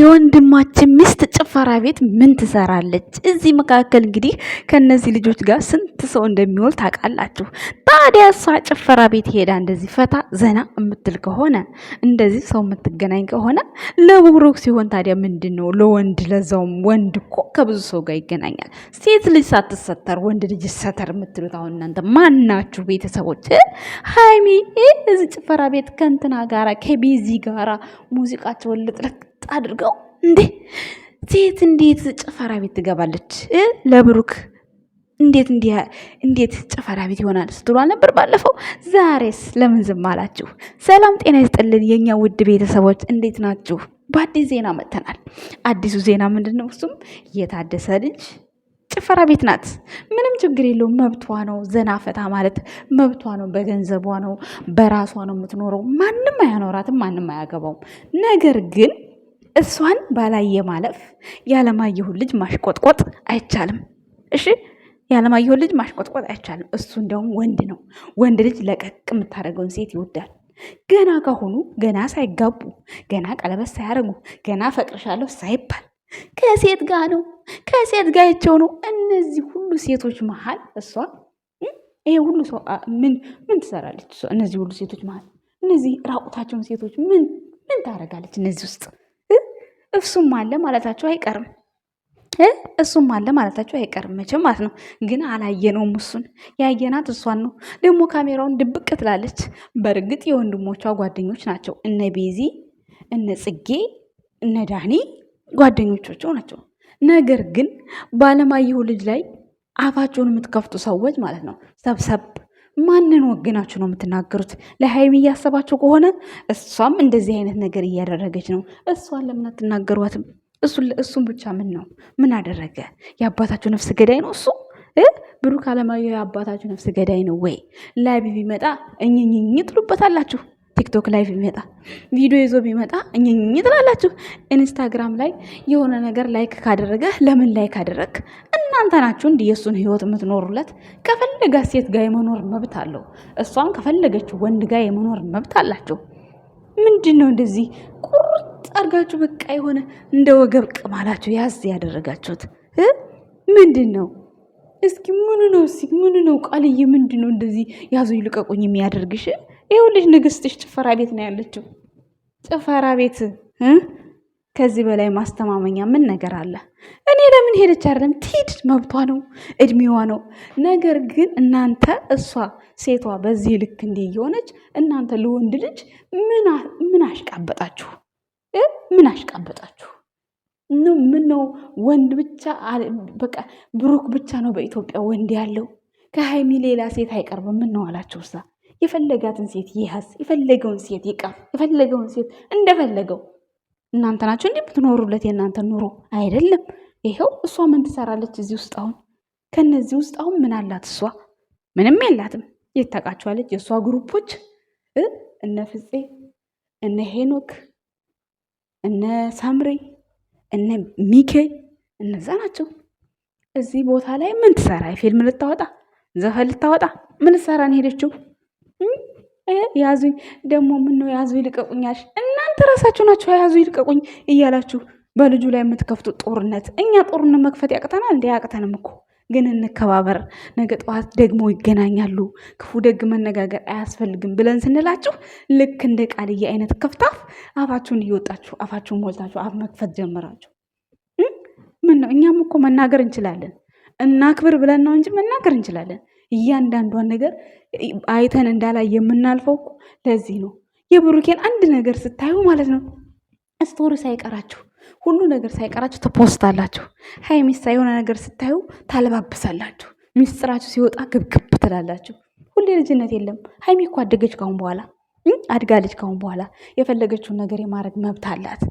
የወንድማችን ሚስት ጭፈራ ቤት ምን ትሰራለች? እዚህ መካከል እንግዲህ ከነዚህ ልጆች ጋር ስንት ሰው እንደሚወል ታውቃላችሁ። ታዲያ እሷ ጭፈራ ቤት ሄዳ እንደዚህ ፈታ ዘና የምትል ከሆነ እንደዚህ ሰው የምትገናኝ ከሆነ ለብሩክ ሲሆን ታዲያ ምንድን ነው ለወንድ ለዛውም ወንድ እኮ ከብዙ ሰው ጋር ይገናኛል። ሴት ልጅ ሳትሰተር ወንድ ልጅ ሰተር የምትሉት አሁን እናንተ ማናችሁ? ቤተሰቦች ሀይሚ እዚህ ጭፈራ ቤት ከእንትና ጋራ ከቤዚ ጋራ ሙዚቃቸውን ልጥለት አድርገው እንዴ ሴት እንዴት ጭፈራ ቤት ትገባለች? ለብሩክ እንዴት እንዴት ጭፈራ ቤት ይሆናል ስትሉ አልነበር ባለፈው? ዛሬስ ለምን ዝም አላችሁ? ሰላም ጤና ይስጥልን የእኛ ውድ ቤተሰቦች እንዴት ናችሁ? በአዲስ ዜና መጥተናል። አዲሱ ዜና ምንድን ነው? እሱም የታደሰ ልጅ ጭፈራ ቤት ናት። ምንም ችግር የለውም። መብቷ ነው። ዘና ፈታ ማለት መብቷ ነው። በገንዘቧ ነው፣ በራሷ ነው የምትኖረው። ማንም አያኖራትም፣ ማንም አያገባውም። ነገር ግን እሷን ባላየ ማለፍ የአለማየሁን ልጅ ማሽቆጥቆጥ አይቻልም። እሺ የአለማየሁን ልጅ ማሽቆጥቆጥ አይቻልም። እሱ እንዲያውም ወንድ ነው። ወንድ ልጅ ለቀቅ የምታደርገውን ሴት ይወዳል። ገና ካሁኑ ገና ሳይጋቡ ገና ቀለበት ሳያደርጉ ገና ፈቅርሻለሁ ሳይባል ከሴት ጋር ነው ከሴት ጋር ያቸው ነው። እነዚህ ሁሉ ሴቶች መሀል እሷ ይሄ ሁሉ ሰው ምን ምን ትሰራለች? እነዚህ ሁሉ ሴቶች መሀል እነዚህ ራቁታቸውን ሴቶች ምን ምን ታደርጋለች እነዚህ ውስጥ እሱም አለ ማለታቸው አይቀርም እሱም አለ ማለታቸው አይቀርም መቼም ማለት ነው። ግን አላየነውም። እሱን ያየናት እሷን ነው። ደግሞ ካሜራውን ድብቅ ትላለች። በእርግጥ የወንድሞቿ ጓደኞች ናቸው። እነ ቤዚ፣ እነ ጽጌ፣ እነ ዳኒ ጓደኞቻቸው ናቸው። ነገር ግን ባለማየሁ ልጅ ላይ አፋቸውን የምትከፍቱ ሰዎች ማለት ነው ሰብሰብ ማንን ወገናችሁ ነው የምትናገሩት? ለሀይሚ እያሰባችሁ ከሆነ እሷም እንደዚህ አይነት ነገር እያደረገች ነው። እሷን ለምን አትናገሯትም? እሱን ብቻ ምን ነው ምን አደረገ? የአባታችሁ ነፍስ ገዳይ ነው እሱ ብሩክ አለማየሁ የአባታችሁ ነፍስ ገዳይ ነው ወይ? ላይ ቢመጣ እኝኝኝ ጥሉበታላችሁ። ቲክቶክ ላይ ቢመጣ ቪዲዮ ይዞ ቢመጣ እኝኝ ትላላችሁ። ኢንስታግራም ላይ የሆነ ነገር ላይክ ካደረገ ለምን ላይክ አደረግ? እናንተ ናችሁ እንዲህ የእሱን ህይወት የምትኖሩለት። ከፈለጋ ሴት ጋር የመኖር መብት አለው። እሷም ከፈለገችው ወንድ ጋር የመኖር መብት አላቸው። ምንድን ነው እንደዚህ ቁርጥ አድርጋችሁ በቃ የሆነ እንደ ወገብ ቅማላችሁ ያዝ ያደረጋችሁት ምንድን ነው? እስኪ ምኑ ነው? እስኪ ምኑ ነው? ቃልዬ ምንድን ነው እንደዚህ ያዙኝ ልቀቁኝ የሚያደርግሽ? ይኸውልሽ ንግስትሽ ጭፈራ ቤት ነው ያለችው። ጭፈራ ቤት ከዚህ በላይ ማስተማመኛ ምን ነገር አለ? እኔ ለምን ሄደች? አይደለም ትሂድ፣ መብቷ ነው፣ እድሜዋ ነው። ነገር ግን እናንተ እሷ ሴቷ በዚህ ልክ እንዲህ እየሆነች እናንተ ለወንድ ልጅ ምን አሽቃበጣችሁ? ምን አሽቃበጣችሁ? ምን ነው ወንድ ብቻ በቃ ብሩክ ብቻ ነው በኢትዮጵያ ወንድ ያለው? ከሀይሚ ሌላ ሴት አይቀርብም። ምን ነው አላቸው? እዛ የፈለጋትን ሴት ይያዝ፣ የፈለገውን ሴት ይቀፍ፣ የፈለገውን ሴት እንደፈለገው። እናንተ ናቸው እንዲህ ብትኖሩለት የእናንተ ኑሮ አይደለም። ይኸው እሷ ምን ትሰራለች እዚህ ውስጥ? አሁን ከነዚህ ውስጥ አሁን ምን አላት እሷ? ምንም የላትም። የት የእሷ ግሩፖች እነ ፍፄ፣ እነ ሄኖክ፣ እነ ሳምሬ እነ ሚኬ እነዛ ናቸው። እዚህ ቦታ ላይ ምን ትሰራ? ፊልም ልታወጣ፣ ዘፈን ልታወጣ፣ ምን ትሰራን ሄደችው? ያዙኝ ደግሞ ምነው ያዙ ልቀቁኛሽ። እናንተ ራሳችሁ ናችሁ ያዙ ልቀቁኝ እያላችሁ በልጁ ላይ የምትከፍቱ ጦርነት። እኛ ጦርነት መክፈት ያቅተናል እንዲ ያቅተንም እኮ ግን እንከባበር። ነገ ጠዋት ደግሞ ይገናኛሉ። ክፉ ደግ መነጋገር አያስፈልግም ብለን ስንላችሁ ልክ እንደ ቃልዬ አይነት ከፍታፍ አፋችሁን እየወጣችሁ አፋችሁን ሞልታችሁ አፍ መክፈት ጀምራችሁ ምን ነው እኛም እኮ መናገር እንችላለን። እናክብር ብለን ነው እንጂ መናገር እንችላለን። እያንዳንዷን ነገር አይተን እንዳላይ የምናልፈው እኮ ለዚህ ነው። የብሩኬን አንድ ነገር ስታዩ ማለት ነው ስቶሪ ሳይቀራችሁ ሁሉ ነገር ሳይቀራችሁ ትፖስታላችሁ። ሀይ ሚስታ የሆነ ነገር ስታዩ ታለባብሳላችሁ። ሚስጥራችሁ ሲወጣ ግብግብ ትላላችሁ። ሁሌ ልጅነት የለም። ሀይሚ እኮ አደገች ካሁን በኋላ አድጋለች። ከአሁን በኋላ የፈለገችውን ነገር የማድረግ መብት አላት።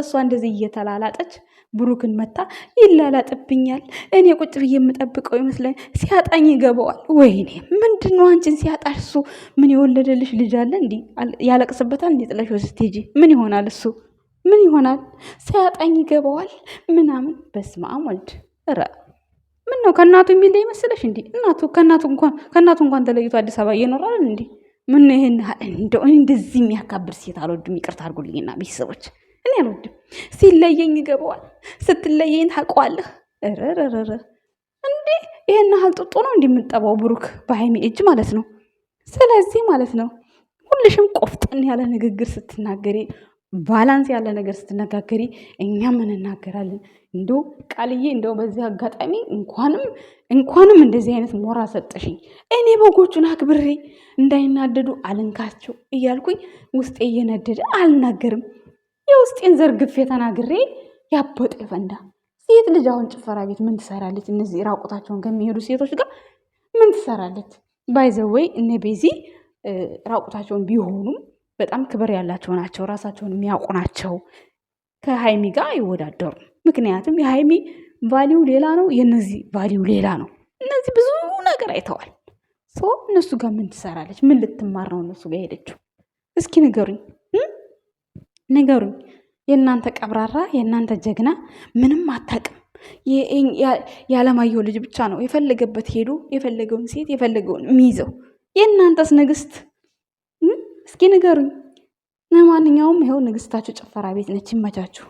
እሷ እንደዚህ እየተላላጠች ብሩክን መታ ይላላጥብኛል፣ እኔ ቁጭ ብዬ የምጠብቀው ይመስለኝ፣ ሲያጣኝ ይገባዋል። ወይኔ ምንድን ነው አንቺን ሲያጣሽ እሱ ምን የወለደልሽ ልጅ አለ እንዲ ያለቅስበታል። እንዲ ጥለሽ ስትሄጂ ምን ይሆናል? እሱ ምን ይሆናል? ሲያጣኝ ይገባዋል ምናምን። በስመ አብ ወልድ ረ ምን ነው ከእናቱ የሚለይ መሰለሽ? እንዲ እናቱ ከእናቱ እንኳን ተለይቶ አዲስ አበባ እየኖራል እንዲህ ምን ይሄን እንደው እንደዚህ የሚያካብር ሴት አልወድም። ይቅርታ አድርጉልኝና ቤተሰቦች እኔ አልወድም። ሲለየኝ ይገባዋል። ስትለየኝ ታውቀዋለህ። ረረረረ እንዴ ይሄን ያህል ጡጦ ነው እንደምንጠባው ብሩክ በሀይሚ እጅ ማለት ነው። ስለዚህ ማለት ነው ሁልሽም ቆፍጠን ያለ ንግግር ስትናገሪ ባላንስ ያለ ነገር ስትነጋገሪ እኛ ምን እናገራለን? እንዶ ቃልዬ፣ እንደው በዚህ አጋጣሚ እንኳንም እንኳንም እንደዚህ አይነት ሞራ ሰጠሽኝ። እኔ በጎቹን አክብሬ እንዳይናደዱ አልንካቸው እያልኩኝ ውስጤ እየነደደ አልናገርም። የውስጤን ዘርግፌ ተናግሬ ያቦጤ ፈንዳ። ሴት ልጅ አሁን ጭፈራ ቤት ምን ትሰራለች? እነዚህ ራቁታቸውን ከሚሄዱ ሴቶች ጋር ምን ትሰራለች? ባይዘወይ እነ ቤዚ ራቁታቸውን ቢሆኑም በጣም ክብር ያላቸው ናቸው፣ ራሳቸውን የሚያውቁ ናቸው። ከሀይሚ ጋር ይወዳደሩ። ምክንያቱም የሀይሚ ቫሊዩ ሌላ ነው፣ የነዚህ ቫሊዩ ሌላ ነው። እነዚህ ብዙ ነገር አይተዋል። ሰው እነሱ ጋር ምን ትሰራለች? ምን ልትማር ነው እነሱ ጋር ሄደችው? እስኪ ንገሩኝ፣ ንገሩኝ። የእናንተ ቀብራራ፣ የእናንተ ጀግና ምንም አታውቅም። የዓለማየሁ ልጅ ብቻ ነው የፈለገበት ሄዶ የፈለገውን ሴት የፈለገውን የሚይዘው። የእናንተስ ንግስት እስኪ ንገሩኝ። ለማንኛውም ይኸው ንግስታችሁ ጭፈራ ቤት ነች። ይመቻችሁ።